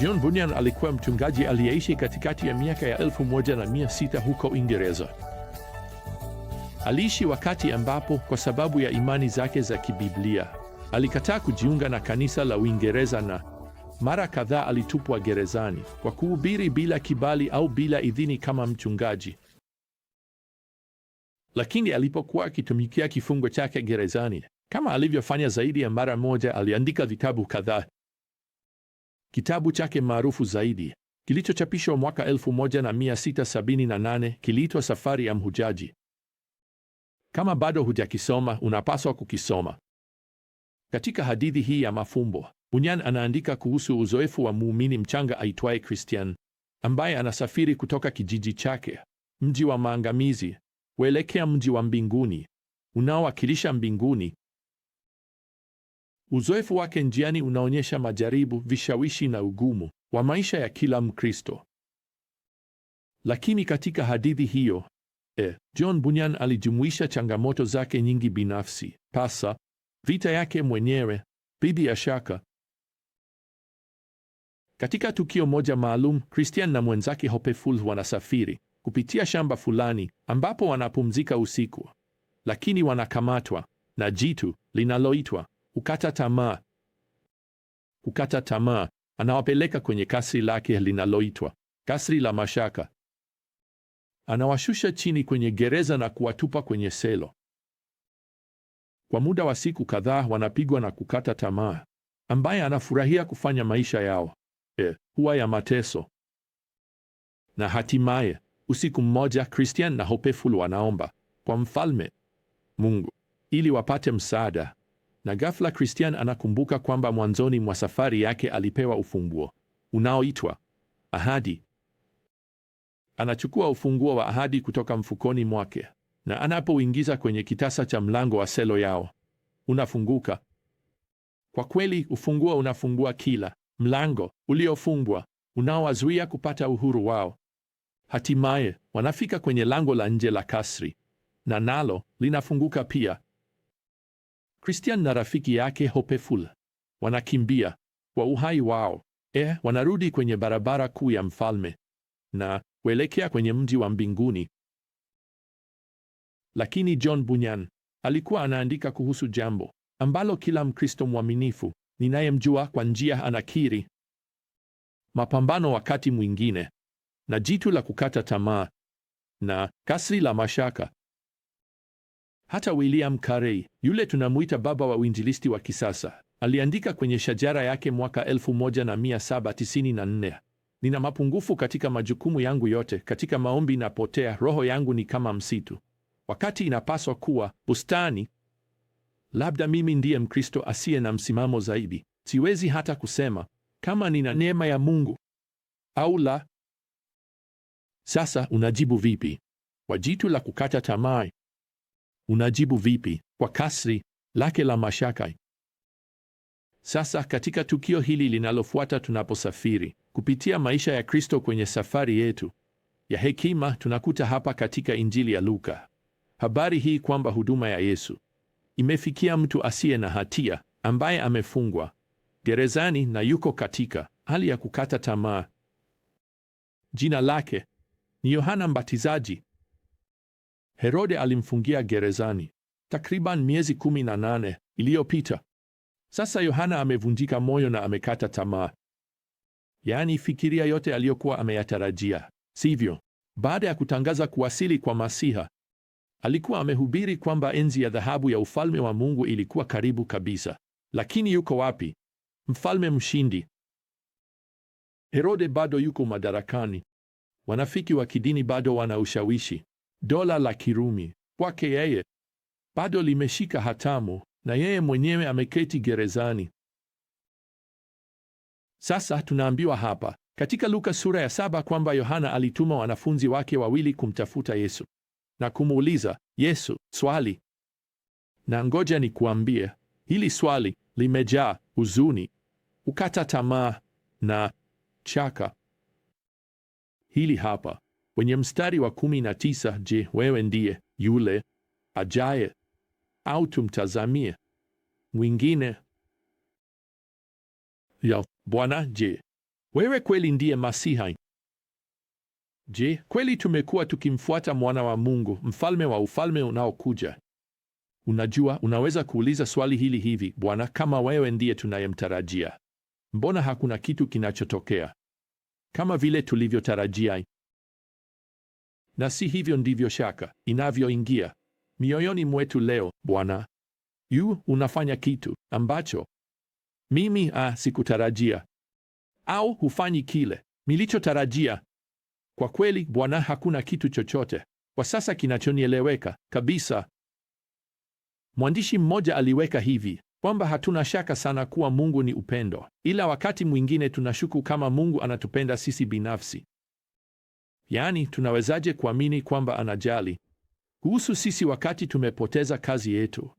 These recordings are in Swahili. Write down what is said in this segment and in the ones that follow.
John Bunyan alikuwa mchungaji aliyeishi katikati ya miaka ya elfu moja na mia sita huko Uingereza. Aliishi wakati ambapo kwa sababu ya imani zake za kibiblia alikataa kujiunga na kanisa la Uingereza na mara kadhaa alitupwa gerezani kwa kuhubiri bila kibali au bila idhini kama mchungaji. Lakini alipokuwa akitumikia kifungo chake gerezani, kama alivyofanya zaidi ya mara moja, aliandika vitabu kadhaa Kitabu chake maarufu zaidi kilichochapishwa mwaka 1678 kiliitwa Safari ya Mhujaji. Kama bado hujakisoma, unapaswa kukisoma. Katika hadithi hii ya mafumbo, Bunyan anaandika kuhusu uzoefu wa muumini mchanga aitwaye Christian ambaye anasafiri kutoka kijiji chake, mji wa maangamizi, kuelekea mji wa mbinguni unaowakilisha mbinguni. Uzoefu wake njiani unaonyesha majaribu, vishawishi na ugumu wa maisha ya kila Mkristo. Lakini katika hadithi hiyo e, John Bunyan alijumuisha changamoto zake nyingi binafsi, pasa vita yake mwenyewe dhidi ya shaka. Katika tukio moja maalum, Christian na mwenzake Hopeful wanasafiri kupitia shamba fulani ambapo wanapumzika usiku, lakini wanakamatwa na jitu linaloitwa Kukata tamaa, kukata tamaa. Anawapeleka kwenye kasri lake linaloitwa kasri la mashaka. Anawashusha chini kwenye gereza na kuwatupa kwenye selo. Kwa muda wa siku kadhaa wanapigwa na kukata tamaa, ambaye anafurahia kufanya maisha yao e, huwa ya mateso. Na hatimaye usiku mmoja, Christian na Hopeful wanaomba kwa mfalme Mungu ili wapate msaada. Na ghafla Christian anakumbuka kwamba mwanzoni mwa safari yake alipewa ufunguo unaoitwa ahadi. Anachukua ufunguo wa ahadi kutoka mfukoni mwake na anapouingiza kwenye kitasa cha mlango wa selo yao unafunguka. Kwa kweli, ufunguo unafungua kila mlango uliofungwa unaowazuia kupata uhuru wao. Hatimaye wanafika kwenye lango la nje la kasri na nalo linafunguka pia. Christian na rafiki yake Hopeful wanakimbia kwa uhai wao, e, wanarudi kwenye barabara kuu ya mfalme na kuelekea kwenye mji wa mbinguni. Lakini John Bunyan alikuwa anaandika kuhusu jambo ambalo kila Mkristo mwaminifu ninayemjua kwa njia anakiri: mapambano wakati mwingine na jitu la kukata tamaa na kasri la mashaka. Hata William Carey, yule tunamwita baba wa uinjilisti wa kisasa, aliandika kwenye shajara yake mwaka 1794, nina mapungufu katika majukumu yangu yote, katika maombi napotea, roho yangu, ni kama msitu wakati inapaswa kuwa bustani. Labda mimi ndiye Mkristo asiye na msimamo zaidi, siwezi hata kusema kama nina neema ya Mungu au la. Sasa unajibu vipi kwa jitu la kukata tamaa? unajibu vipi kwa kasri lake la mashaka? Sasa katika tukio hili linalofuata, tunaposafiri kupitia maisha ya Kristo kwenye safari yetu ya hekima, tunakuta hapa katika Injili ya Luka habari hii kwamba huduma ya Yesu imefikia mtu asiye na hatia ambaye amefungwa gerezani na yuko katika hali ya kukata tamaa. Jina lake ni Yohana Mbatizaji. Herode alimfungia gerezani takriban miezi kumi na nane iliyopita. Sasa Yohana amevunjika moyo na amekata tamaa. Yaani, fikiria yote aliyokuwa ameyatarajia, sivyo? Baada ya kutangaza kuwasili kwa Masiha, alikuwa amehubiri kwamba enzi ya dhahabu ya ufalme wa Mungu ilikuwa karibu kabisa. Lakini yuko wapi mfalme mshindi? Herode bado yuko madarakani. Wanafiki wa kidini bado wana ushawishi. Dola la Kirumi kwake yeye bado limeshika hatamu na yeye mwenyewe ameketi gerezani. Sasa tunaambiwa hapa katika Luka sura ya saba kwamba Yohana alituma wanafunzi wake wawili kumtafuta Yesu na kumuuliza Yesu swali. Na ngoja ni kuambie, hili swali limejaa huzuni, ukata tamaa na chaka. Hili hapa kwenye mstari wa kumi na tisa Je, wewe ndiye yule ajaye au tumtazamie mwingine? Ya Bwana, je, wewe kweli ndiye Masiha? Je, kweli tumekuwa tukimfuata mwana wa Mungu, mfalme wa ufalme unaokuja? Unajua, unaweza kuuliza swali hili hivi, Bwana, kama wewe ndiye tunayemtarajia, mbona hakuna kitu kinachotokea kama vile tulivyotarajia? na si hivyo ndivyo shaka inavyoingia mioyoni mwetu leo. Bwana yu unafanya kitu ambacho mimi ah, sikutarajia au hufanyi kile nilichotarajia. Kwa kweli, Bwana, hakuna kitu chochote kwa sasa kinachonieleweka kabisa. Mwandishi mmoja aliweka hivi kwamba hatuna shaka sana kuwa Mungu ni upendo, ila wakati mwingine tunashuku kama Mungu anatupenda sisi binafsi. Yaani, tunawezaje kuamini kwamba anajali kuhusu sisi wakati tumepoteza kazi yetu,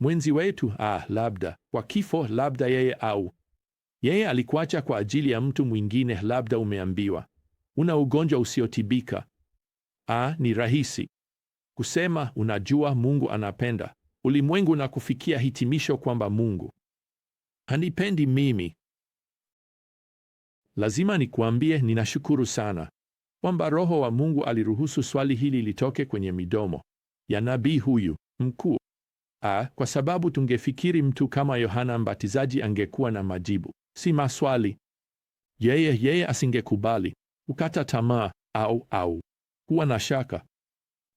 mwenzi wetu, ah, labda kwa kifo, labda yeye au yeye alikuacha kwa ajili ya mtu mwingine, labda umeambiwa una ugonjwa usiotibika. Ah, ni rahisi kusema unajua, Mungu anapenda ulimwengu na kufikia hitimisho kwamba Mungu hanipendi mimi. Lazima nikuambie, ninashukuru sana kwamba Roho wa Mungu aliruhusu swali hili litoke kwenye midomo ya nabii huyu mkuu. A, kwa sababu tungefikiri mtu kama Yohana Mbatizaji angekuwa na majibu, si maswali. Yeye yeye asingekubali ukata tamaa au au kuwa na shaka.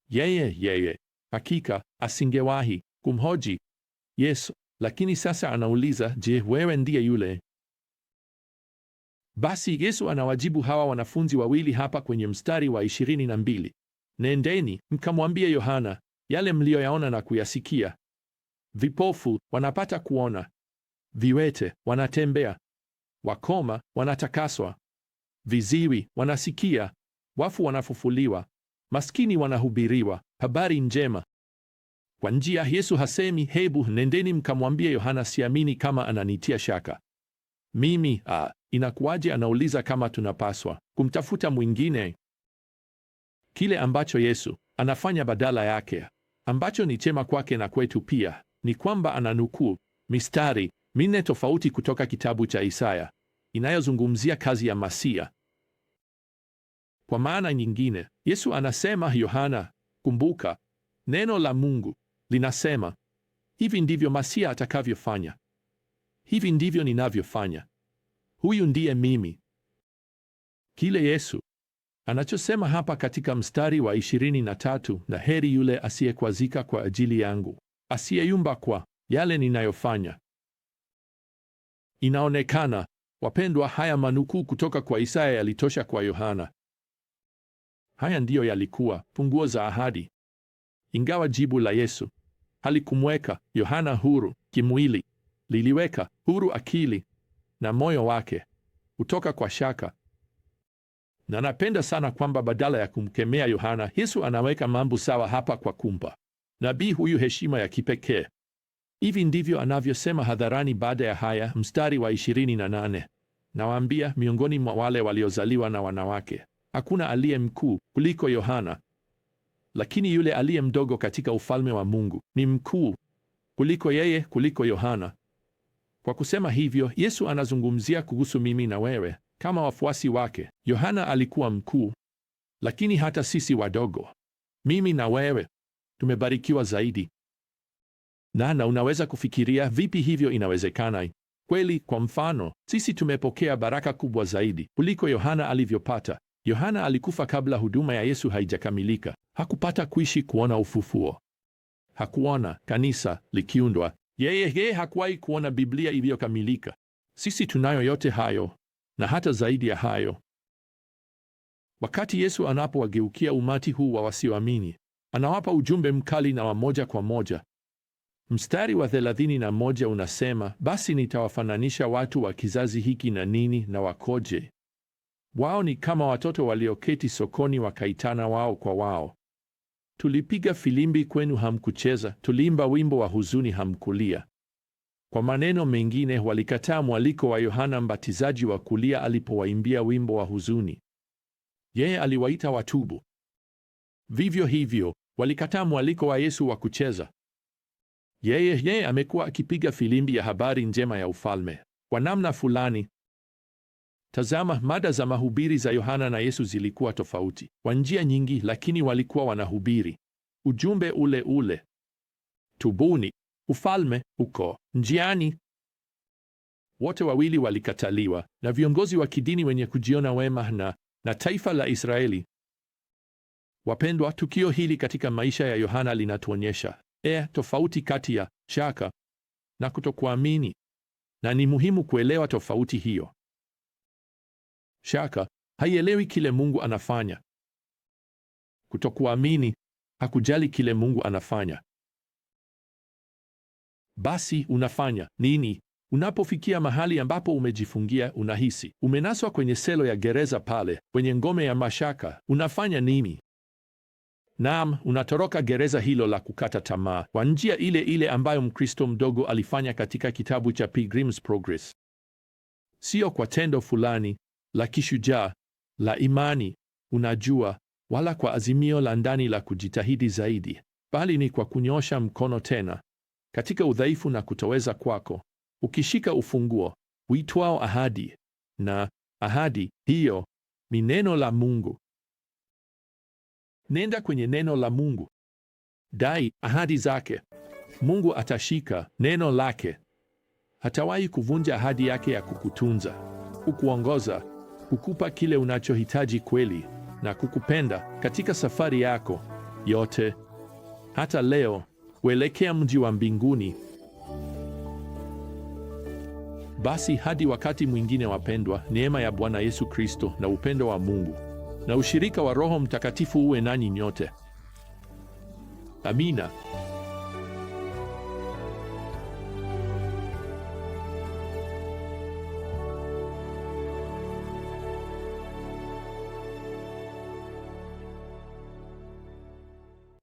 Yeye yeye hakika asingewahi kumhoji Yesu. Lakini sasa anauliza, je, wewe ndiye yule basi Yesu anawajibu hawa wanafunzi wawili hapa kwenye mstari wa 22, nendeni mkamwambie Yohana yale mliyoyaona na kuyasikia: vipofu wanapata kuona, viwete wanatembea, wakoma wanatakaswa, viziwi wanasikia, wafu wanafufuliwa, maskini wanahubiriwa habari njema. Kwa njia, Yesu hasemi hebu nendeni mkamwambie Yohana siamini kama ananitia shaka, mimi uh, inakuwaje? Anauliza kama tunapaswa kumtafuta mwingine. Kile ambacho Yesu anafanya badala yake, ambacho ni chema kwake na kwetu pia, ni kwamba ananukuu mistari minne tofauti kutoka kitabu cha Isaya inayozungumzia kazi ya Masia. Kwa maana nyingine, Yesu anasema, Yohana, kumbuka, neno la Mungu linasema hivi ndivyo Masia atakavyofanya Hivi ndivyo ninavyofanya. Huyu ndiye mimi. Kile Yesu anachosema hapa katika mstari wa ishirini na tatu, na heri yule asiyekwazika kwa ajili yangu, asiyeyumba kwa yale ninayofanya. Inaonekana wapendwa, haya manukuu kutoka kwa Isaya yalitosha kwa Yohana. Haya ndiyo yalikuwa funguo za ahadi, ingawa jibu la Yesu halikumweka Yohana huru kimwili, liliweka huru akili na moyo wake kutoka kwa shaka. Na napenda sana kwamba badala ya kumkemea Yohana, Yesu anaweka mambo sawa hapa kwa kumpa nabii huyu heshima ya kipekee. Hivi ndivyo anavyosema hadharani baada ya haya, mstari wa 28: nawaambia, miongoni mwa wale waliozaliwa na wanawake hakuna aliye mkuu kuliko Yohana, lakini yule aliye mdogo katika ufalme wa Mungu ni mkuu kuliko yeye, kuliko Yohana. Kwa kusema hivyo, Yesu anazungumzia kuhusu mimi na wewe kama wafuasi wake. Yohana alikuwa mkuu, lakini hata sisi wadogo, mimi na wewe, tumebarikiwa zaidi. Na na unaweza kufikiria vipi hivyo inawezekana? Kweli, kwa mfano, sisi tumepokea baraka kubwa zaidi kuliko Yohana alivyopata. Yohana alikufa kabla huduma ya Yesu haijakamilika. Hakupata kuishi kuona ufufuo. Hakuona kanisa likiundwa. Yeye ye hakuwahi kuona Biblia iliyokamilika. Sisi tunayo yote hayo na hata zaidi ya hayo. Wakati Yesu anapowageukia umati huu wa wasioamini, anawapa ujumbe mkali na wa moja kwa moja. Mstari wa thelathini na moja unasema, basi nitawafananisha watu wa kizazi hiki na nini na wakoje? Wao ni kama watoto walioketi sokoni wakaitana wao kwa wao, Tulipiga filimbi kwenu, hamkucheza. Tuliimba wimbo wa huzuni, hamkulia. Kwa maneno mengine, walikataa mwaliko wa Yohana Mbatizaji wa kulia alipowaimbia wimbo wa huzuni. Yeye aliwaita watubu. Vivyo hivyo, walikataa mwaliko wa Yesu wa kucheza. Yeye yeye amekuwa akipiga filimbi ya habari njema ya ufalme. Kwa namna fulani, Tazama, mada za mahubiri za Yohana na Yesu zilikuwa tofauti kwa njia nyingi, lakini walikuwa wanahubiri ujumbe ule ule: tubuni, ufalme uko njiani. Wote wawili walikataliwa na viongozi wa kidini wenye kujiona wema na na taifa la Israeli. Wapendwa, tukio hili katika maisha ya Yohana linatuonyesha e, tofauti kati ya shaka na kutokuamini, na ni muhimu kuelewa tofauti hiyo shaka haielewi kile Mungu anafanya. Kutokuamini hakujali kile Mungu anafanya. Basi unafanya nini unapofikia mahali ambapo umejifungia? Unahisi umenaswa kwenye selo ya gereza pale kwenye ngome ya mashaka. Unafanya nini? Naam, unatoroka gereza hilo la kukata tamaa kwa njia ile ile ambayo Mkristo mdogo alifanya katika kitabu cha Pilgrim's Progress. Sio kwa tendo fulani, la kishujaa la imani, unajua, wala kwa azimio la ndani la kujitahidi zaidi, bali ni kwa kunyosha mkono tena katika udhaifu na kutoweza kwako, ukishika ufunguo uitwao ahadi, na ahadi hiyo ni neno la Mungu. Nenda kwenye neno la Mungu, dai ahadi zake. Mungu atashika neno lake, hatawahi kuvunja ahadi yake ya kukutunza, kukuongoza kukupa kile unachohitaji kweli na kukupenda katika safari yako yote, hata leo kuelekea mji wa mbinguni. Basi hadi wakati mwingine, wapendwa, neema ya Bwana Yesu Kristo na upendo wa Mungu na ushirika wa Roho Mtakatifu uwe nanyi nyote. Amina.